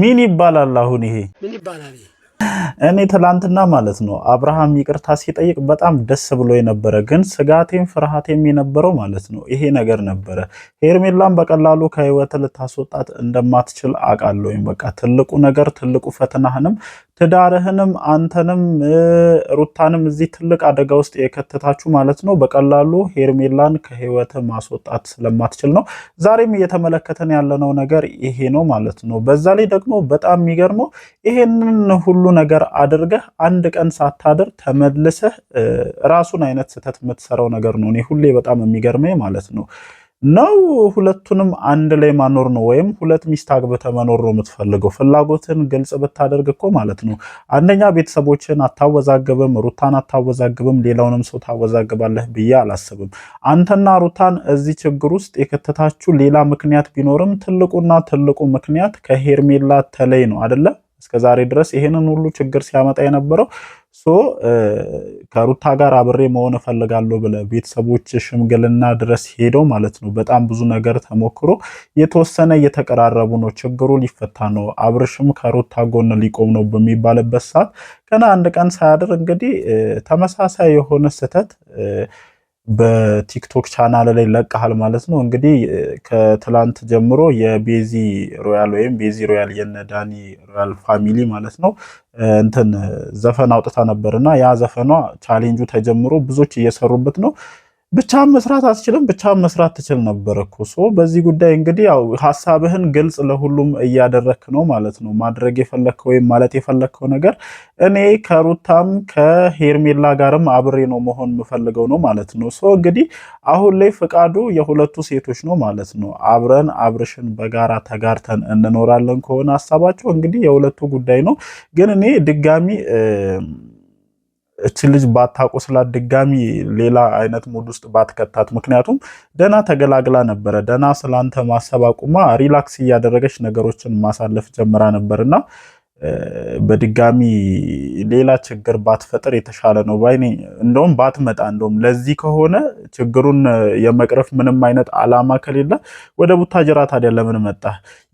ምን ይባላል? አሁን ይሄ እኔ ትላንትና ማለት ነው አብርሃም ይቅርታ ሲጠይቅ በጣም ደስ ብሎ የነበረ ግን ስጋቴም ፍርሃቴም የነበረው ማለት ነው ይሄ ነገር ነበረ። ኤርሜላን በቀላሉ ከህይወት ልታስወጣት እንደማትችል አውቃለሁኝ። በቃ ትልቁ ነገር ትልቁ ፈተናህንም ትዳርህንም አንተንም ሩታንም እዚህ ትልቅ አደጋ ውስጥ የከተታችሁ ማለት ነው። በቀላሉ ሄርሜላን ከህይወት ማስወጣት ስለማትችል ነው። ዛሬም እየተመለከተን ያለነው ነገር ይሄ ነው ማለት ነው። በዛ ላይ ደግሞ በጣም የሚገርመው ይሄንን ሁሉ ነገር አድርገህ አንድ ቀን ሳታድር ተመልሰህ ራሱን አይነት ስህተት የምትሰራው ነገር ነው። እኔ ሁሌ በጣም የሚገርመኝ ማለት ነው ነው ሁለቱንም አንድ ላይ ማኖር ነው ወይም ሁለት ሚስት በተመኖር መኖር ነው የምትፈልገው? ፍላጎትን ግልጽ ብታደርግ እኮ ማለት ነው አንደኛ ቤተሰቦችን አታወዛግብም፣ ሩታን አታወዛግብም፣ ሌላውንም ሰው ታወዛግባለህ ብዬ አላስብም። አንተና ሩታን እዚህ ችግር ውስጥ የከተታችሁ ሌላ ምክንያት ቢኖርም ትልቁና ትልቁ ምክንያት ከሄርሜላ ተለይ ነው አደለ? እስከዛሬ ድረስ ይሄንን ሁሉ ችግር ሲያመጣ የነበረው ሶ ከሩታ ጋር አብሬ መሆን እፈልጋለሁ ብለ ቤተሰቦች ሽምግልና ድረስ ሄደው ማለት ነው። በጣም ብዙ ነገር ተሞክሮ የተወሰነ እየተቀራረቡ ነው። ችግሩ ሊፈታ ነው። አብርሽም ከሩታ ጎን ሊቆም ነው በሚባልበት ሰዓት ገና አንድ ቀን ሳያድር እንግዲህ ተመሳሳይ የሆነ ስህተት በቲክቶክ ቻናል ላይ ለቀሃል ማለት ነው። እንግዲህ ከትላንት ጀምሮ የቤዚ ሮያል ወይም ቤዚ ሮያል የነ ዳኒ ሮያል ፋሚሊ ማለት ነው እንትን ዘፈን አውጥታ ነበር እና ያ ዘፈኗ ቻሌንጁ ተጀምሮ ብዙዎች እየሰሩበት ነው። ብቻ መስራት አትችልም፣ ብቻ መስራት ትችል ነበር እኮ። ሶ በዚህ ጉዳይ እንግዲህ ያው ሀሳብህን ግልጽ ለሁሉም እያደረክ ነው ማለት ነው። ማድረግ የፈለግከው ወይም ማለት የፈለግከው ነገር እኔ ከሩታም ከሄርሜላ ጋርም አብሬ ነው መሆን የምፈልገው ነው ማለት ነው። ሶ እንግዲህ አሁን ላይ ፍቃዱ የሁለቱ ሴቶች ነው ማለት ነው። አብረን አብርሽን በጋራ ተጋርተን እንኖራለን ከሆነ ሀሳባቸው እንግዲህ የሁለቱ ጉዳይ ነው። ግን እኔ ድጋሚ እች ልጅ ስላት ድጋሚ ሌላ አይነት ሙድ ውስጥ ባትከታት። ምክንያቱም ደና ተገላግላ ነበረ። ደና ስላንተ ማሰብ አቁማ ሪላክስ እያደረገች ነገሮችን ማሳለፍ ጀምራ ነበርና በድጋሚ ሌላ ችግር ባትፈጥር የተሻለ ነው ባይ እንደውም ባትመጣ እንደውም ለዚህ ከሆነ ችግሩን የመቅረፍ ምንም አይነት አላማ ከሌለ ወደ ቡታጅራ ታዲያ ለምን መጣ?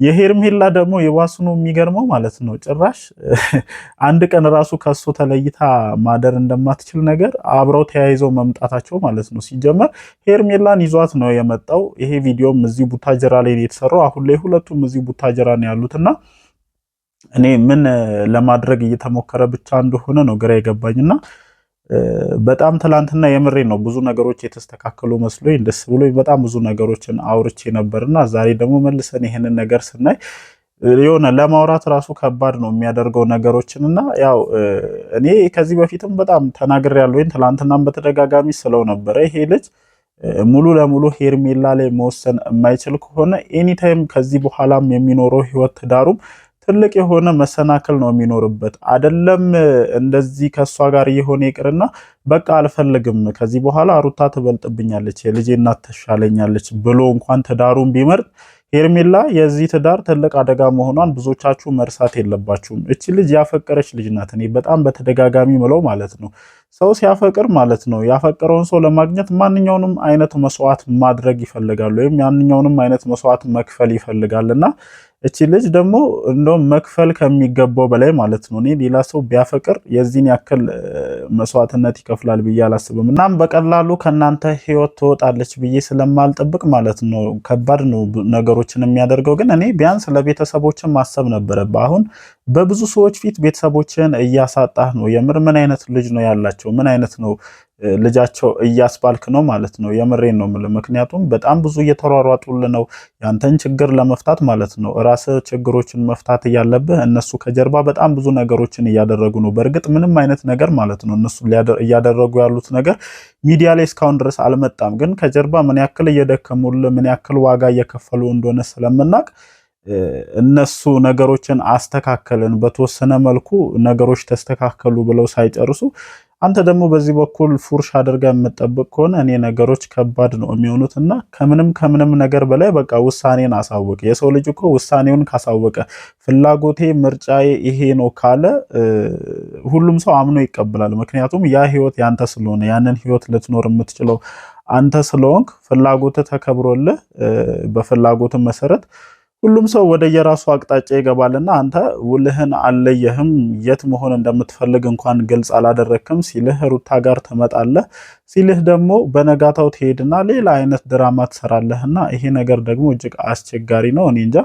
የሄርሜላ ደግሞ የባስኑ የሚገርመው ማለት ነው ጭራሽ አንድ ቀን ራሱ ከሱ ተለይታ ማደር እንደማትችል ነገር አብረው ተያይዘው መምጣታቸው ማለት ነው። ሲጀመር ሄርሜላን ይዟት ነው የመጣው። ይሄ ቪዲዮም እዚህ ቡታጅራ ላይ የተሰራው አሁን ላይ ሁለቱም እዚህ ቡታጅራ ነው ያሉትና እኔ ምን ለማድረግ እየተሞከረ ብቻ እንደሆነ ነው ግራ የገባኝ እና በጣም ትላንትና የምሬ ነው ብዙ ነገሮች የተስተካከሉ መስሎኝ ደስ ብሎ በጣም ብዙ ነገሮችን አውርቼ ነበርና ዛሬ ደግሞ መልሰን ይህንን ነገር ስናይ የሆነ ለማውራት ራሱ ከባድ ነው የሚያደርገው ነገሮችን እና ያው እኔ ከዚህ በፊትም በጣም ተናግሬያለሁ። ወይም ትላንትናም በተደጋጋሚ ስለው ነበረ ይሄ ልጅ ሙሉ ለሙሉ ሄርሜላ ላይ መወሰን የማይችል ከሆነ ኤኒታይም ከዚህ በኋላም የሚኖረው ህይወት ትዳሩም ትልቅ የሆነ መሰናክል ነው የሚኖርበት። አደለም እንደዚህ ከእሷ ጋር እየሆነ ይቅርና በቃ አልፈልግም፣ ከዚህ በኋላ ሩታ ትበልጥብኛለች፣ የልጄ እናት ትሻለኛለች ብሎ እንኳን ትዳሩን ቢመርጥ ሄርሜላ የዚህ ትዳር ትልቅ አደጋ መሆኗን ብዙዎቻችሁ መርሳት የለባችሁም። እቺ ልጅ ያፈቀረች ልጅ ናት። እኔ በጣም በተደጋጋሚ ምለው ማለት ነው ሰው ሲያፈቅር ማለት ነው ያፈቀረውን ሰው ለማግኘት ማንኛውንም አይነት መስዋዕት ማድረግ ይፈልጋል ወይም ያንኛውንም አይነት መስዋዕት መክፈል ይፈልጋል እና እቺ ልጅ ደግሞ እንደውም መክፈል ከሚገባው በላይ ማለት ነው። እኔ ሌላ ሰው ቢያፈቅር የዚህን ያክል መስዋዕትነት ይከፍላል ብዬ አላስብም። እናም በቀላሉ ከእናንተ ህይወት ትወጣለች ብዬ ስለማልጠብቅ ማለት ነው ከባድ ነው ነገሮችን የሚያደርገው። ግን እኔ ቢያንስ ለቤተሰቦችን ማሰብ ነበረብህ። አሁን በብዙ ሰዎች ፊት ቤተሰቦችን እያሳጣህ ነው። የምር ምን አይነት ልጅ ነው ያላቸው? ምን አይነት ነው ልጃቸው እያስባልክ ነው ማለት ነው። የምሬን ነው የምልህ። ምክንያቱም በጣም ብዙ እየተሯሯጡል ነው ያንተን ችግር ለመፍታት ማለት ነው። ራስ ችግሮችን መፍታት እያለብህ እነሱ ከጀርባ በጣም ብዙ ነገሮችን እያደረጉ ነው። በእርግጥ ምንም አይነት ነገር ማለት ነው እነሱ እያደረጉ ያሉት ነገር ሚዲያ ላይ እስካሁን ድረስ አልመጣም፣ ግን ከጀርባ ምን ያክል እየደከሙል ምን ያክል ዋጋ እየከፈሉ እንደሆነ ስለምናቅ እነሱ ነገሮችን አስተካከልን በተወሰነ መልኩ ነገሮች ተስተካከሉ ብለው ሳይጨርሱ አንተ ደግሞ በዚህ በኩል ፉርሽ አድርጋ የምጠብቅ ከሆነ እኔ ነገሮች ከባድ ነው የሚሆኑት እና ከምንም ከምንም ነገር በላይ በቃ ውሳኔን አሳወቀ። የሰው ልጅ እኮ ውሳኔውን ካሳወቀ ፍላጎቴ፣ ምርጫዬ ይሄ ነው ካለ ሁሉም ሰው አምኖ ይቀበላል። ምክንያቱም ያ ህይወት ያንተ ስለሆነ ያንን ህይወት ልትኖር የምትችለው አንተ ስለሆንክ ፍላጎት ተከብሮልህ በፍላጎት መሰረት ሁሉም ሰው ወደ የራሱ አቅጣጫ ይገባልና አንተ ውልህን አለየህም፣ የት መሆን እንደምትፈልግ እንኳን ግልጽ አላደረክም ሲልህ ሩታ ጋር ትመጣለህ፣ ሲልህ ደግሞ በነጋታው ትሄድና ሌላ አይነት ድራማ ትሰራለህና ይሄ ነገር ደግሞ እጅግ አስቸጋሪ ነው። እኔ እንጃ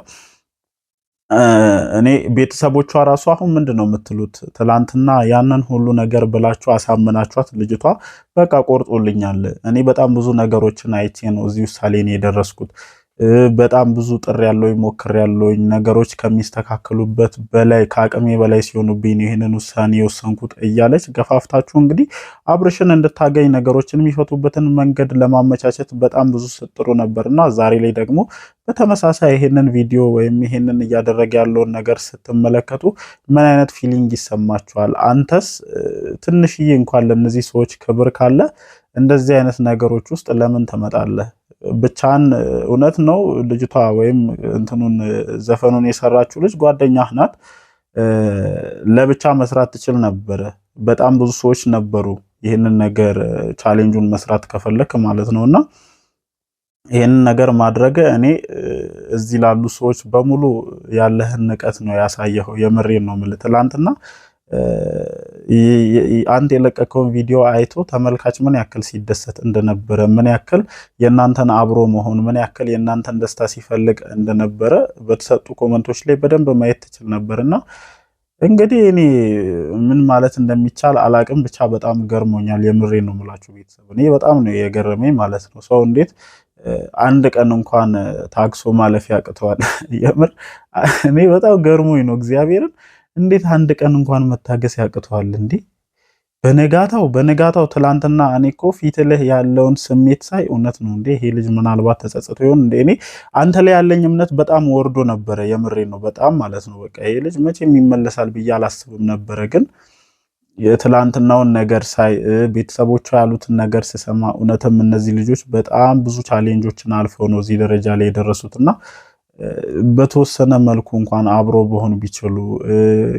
እኔ ቤተሰቦቿ ራሱ አሁን ምንድን ነው የምትሉት? ትላንትና ያንን ሁሉ ነገር ብላችሁ አሳምናችኋት ልጅቷ በቃ ቆርጦልኛል፣ እኔ በጣም ብዙ ነገሮችን አይቼ ነው እዚህ ውሳኔ የደረስኩት በጣም ብዙ ጥር ያለውኝ ሞክር ያለውኝ ነገሮች ከሚስተካከሉበት በላይ ከአቅሜ በላይ ሲሆኑብኝ ይህንን ውሳኔ የወሰንኩት እያለች ገፋፍታችሁ እንግዲህ አብርሽን እንድታገኝ ነገሮችን የሚፈቱበትን መንገድ ለማመቻቸት በጣም ብዙ ስጥሩ ነበር እና ዛሬ ላይ ደግሞ በተመሳሳይ ይህንን ቪዲዮ ወይም ይህንን እያደረገ ያለውን ነገር ስትመለከቱ ምን አይነት ፊሊንግ ይሰማችኋል? አንተስ ትንሽዬ እንኳን ለእነዚህ ሰዎች ክብር ካለ እንደዚህ አይነት ነገሮች ውስጥ ለምን ትመጣለህ? ብቻን እውነት ነው ልጅቷ ወይም እንትኑን ዘፈኑን የሰራችው ልጅ ጓደኛህ ናት። ለብቻ መስራት ትችል ነበረ። በጣም ብዙ ሰዎች ነበሩ ይህንን ነገር ቻሌንጁን መስራት ከፈለክ ማለት ነው። እና ይህንን ነገር ማድረገ እኔ እዚህ ላሉ ሰዎች በሙሉ ያለህን ንቀት ነው ያሳየኸው። የምሬን ነው የምልህ ትላንትና አንድ የለቀቀውን ቪዲዮ አይቶ ተመልካች ምን ያክል ሲደሰት እንደነበረ ምን ያክል የእናንተን አብሮ መሆን ምን ያክል የእናንተን ደስታ ሲፈልግ እንደነበረ በተሰጡ ኮመንቶች ላይ በደንብ ማየት ትችል ነበር እና እንግዲህ እኔ ምን ማለት እንደሚቻል አላቅም። ብቻ በጣም ገርሞኛል። የምሬ ነው ምላችሁ ቤተሰብ፣ እኔ በጣም ነው የገረመኝ ማለት ነው። ሰው እንዴት አንድ ቀን እንኳን ታግሶ ማለፍ ያቅተዋል? የምር እኔ በጣም ገርሞኝ ነው እግዚአብሔርን እንዴት አንድ ቀን እንኳን መታገስ ያቅተዋል እንዴ? በነጋታው በነጋታው ትላንትና እኔ እኮ ፊት ያለውን ስሜት ሳይ እውነት ነው እንዴ ይሄ ልጅ ምናልባት ተጸጽቶ ይሆን እንዴ? እኔ አንተ ላይ ያለኝ እምነት በጣም ወርዶ ነበረ። የምሬ ነው በጣም ማለት ነው። በቃ ይሄ ልጅ መቼም ይመለሳል ብዬ አላስብም ነበረ፣ ግን የትላንትናውን ነገር ሳይ ቤተሰቦቿ ያሉትን ነገር ስሰማ እውነትም እነዚህ ልጆች በጣም ብዙ ቻሌንጆችን አልፈው ነው እዚህ ደረጃ ላይ የደረሱትና በተወሰነ መልኩ እንኳን አብሮ በሆኑ ቢችሉ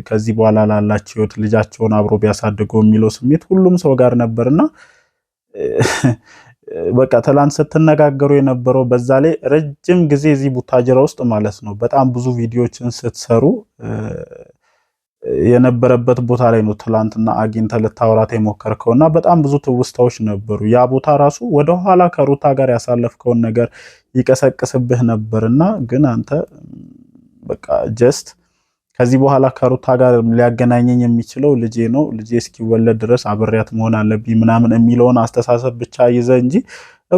ከዚህ በኋላ ላላቸው ህይወት ልጃቸውን አብሮ ቢያሳድጉ የሚለው ስሜት ሁሉም ሰው ጋር ነበርና በቃ ትላንት ስትነጋገሩ የነበረው በዛ ላይ ረጅም ጊዜ እዚህ ቡታጅራ ውስጥ ማለት ነው በጣም ብዙ ቪዲዮዎችን ስትሰሩ የነበረበት ቦታ ላይ ነው ትላንትና አግኝተህ ልታወራት የሞከርከው እና በጣም ብዙ ትውስታዎች ነበሩ። ያ ቦታ ራሱ ወደኋላ ከሩታ ጋር ያሳለፍከውን ነገር ይቀሰቅስብህ ነበር እና ግን አንተ በቃ ጀስት ከዚህ በኋላ ከሩታ ጋር ሊያገናኘኝ የሚችለው ልጄ ነው፣ ልጄ እስኪወለድ ድረስ አብሬያት መሆን አለብኝ ምናምን የሚለውን አስተሳሰብ ብቻ ይዘ እንጂ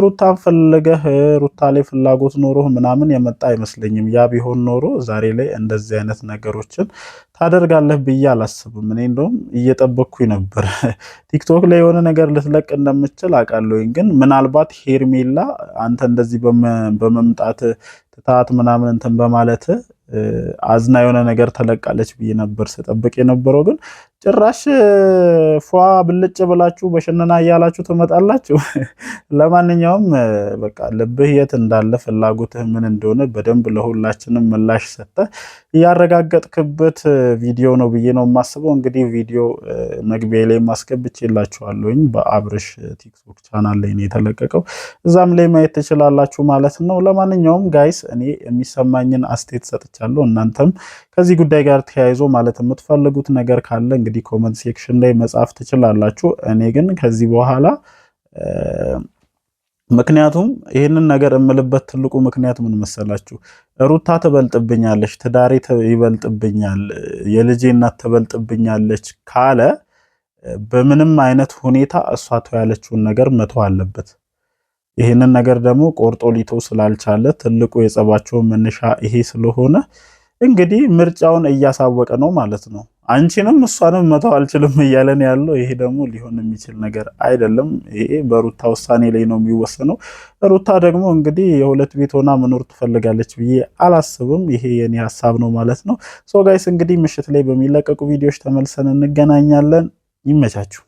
ሩታን ፈልገህ ሩታ ላይ ፍላጎት ኖሮህ ምናምን የመጣ አይመስለኝም። ያ ቢሆን ኖሮ ዛሬ ላይ እንደዚህ አይነት ነገሮችን ታደርጋለህ ብዬ አላስብም። እኔ እንደውም እየጠበቅኩኝ ነበር ቲክቶክ ላይ የሆነ ነገር ልትለቅ እንደምችል አውቃለሁኝ። ግን ምናልባት ሄርሜላ አንተ እንደዚህ በመምጣት ትታት ምናምን እንትን በማለት አዝና የሆነ ነገር ተለቃለች ብዬ ነበር ስጠብቅ የነበረው ግን ጭራሽ ፏ ብልጭ ብላችሁ በሸነና እያላችሁ ትመጣላችሁ። ለማንኛውም በቃ ልብህ የት እንዳለ ፍላጎትህ ምን እንደሆነ በደንብ ለሁላችንም ምላሽ ሰጠ እያረጋገጥክበት ቪዲዮ ነው ብዬ ነው የማስበው። እንግዲህ ቪዲዮ መግቢያ ላይ ማስገብቼላችኋለሁኝ በአብርሽ ቲክቶክ ቻናል ላይ ነው የተለቀቀው። እዛም ላይ ማየት ትችላላችሁ ማለት ነው። ለማንኛውም ጋይስ እኔ የሚሰማኝን አስቴት ሰጥቻለሁ። እናንተም ከዚህ ጉዳይ ጋር ተያይዞ ማለት የምትፈልጉት ነገር ካለ እንግዲህ ኮመንት ሴክሽን ላይ መጻፍ ትችላላችሁ። እኔ ግን ከዚህ በኋላ ምክንያቱም ይህንን ነገር እምልበት ትልቁ ምክንያት ምን መሰላችሁ? ሩታ ትበልጥብኛለች፣ ትዳሬ ይበልጥብኛል፣ የልጄ እናት ትበልጥብኛለች ካለ በምንም አይነት ሁኔታ እሷ ተው ያለችውን ነገር መተው አለበት። ይህንን ነገር ደግሞ ቆርጦ ሊተው ስላልቻለ ትልቁ የጸባቸው መነሻ ይሄ ስለሆነ እንግዲህ ምርጫውን እያሳወቀ ነው ማለት ነው። አንቺንም እሷንም መተው አልችልም እያለን ያለው ይሄ ደግሞ ሊሆን የሚችል ነገር አይደለም። ይሄ በሩታ ውሳኔ ላይ ነው የሚወሰነው። ሩታ ደግሞ እንግዲህ የሁለት ቤት ሆና መኖር ትፈልጋለች ብዬ አላስብም። ይሄ የኔ ሀሳብ ነው ማለት ነው። ሶ ጋይስ እንግዲህ ምሽት ላይ በሚለቀቁ ቪዲዮዎች ተመልሰን እንገናኛለን። ይመቻችሁ።